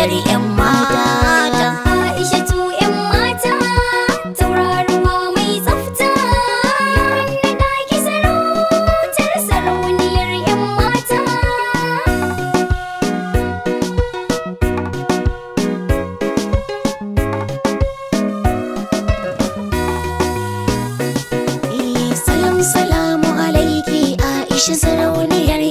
ƙungiyar 'yan mata. Aisha tu 'yan mata, tauraruwa mai tsafta. na da ki sarautar sarauniyar 'yan mata. Eh, salam salamu alaiki Aisha sarauniyar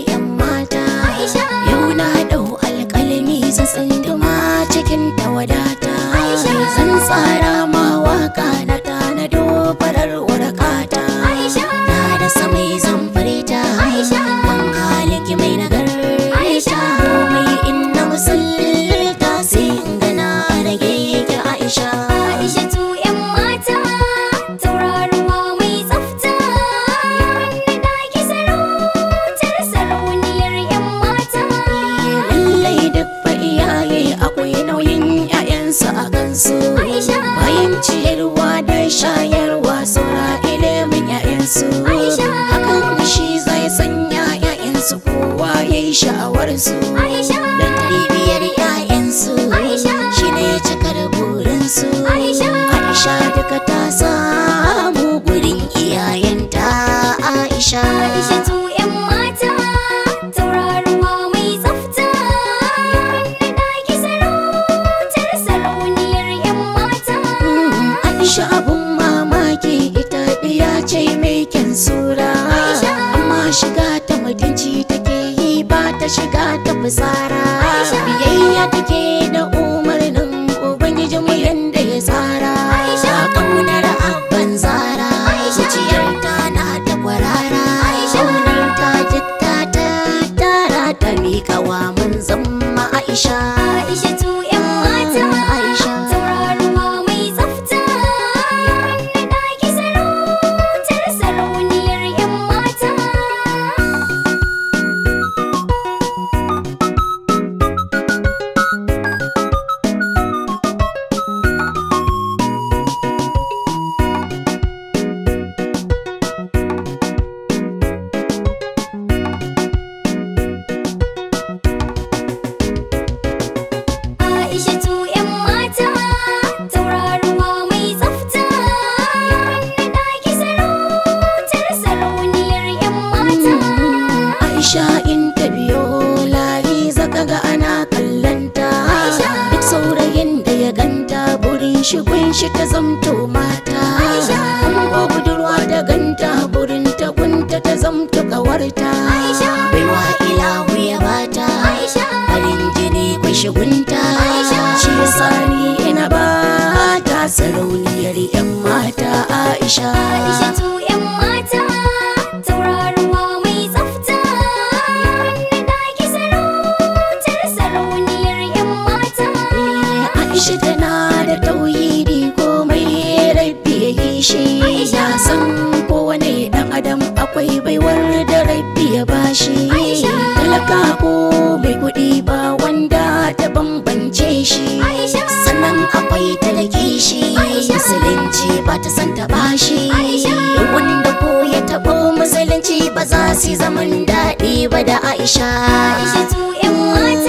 su kowa ya yi sha'awar su. Aisha! shiga ta fitsara biyayya take da uwa aisha in ta biyo zaka ga ana kallanta duk saurayin da ya ganta burin shi gun shi ta zamto mata ko budurwa da ganta burin ta gunta ta zamto kawarta baiwa bata farin jini kwashe gunta shi sani ina ba ta sarauni shi tana da tauhidi komai rabbi ya yi shi ya san kowane dan adam akwai baiwar da rabbi ya bashi talaka ko mai kuɗi ba wanda ta bambance shi sannan akwai talaki shi musulunci ba ta san ta bashi wanda ko ya taɓo musulunci ba za su zaman daɗi ba da aisha. Aisha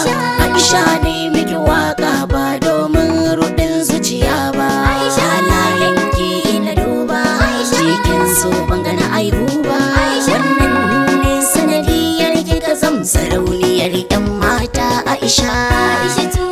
Aisha ne miki waka ba domin rudin zuciya ba Halayenki ina duba cikin su ban gana ai ruba Wannan ne sanadiyar kika zam sarauniyar 'yan mata Aisha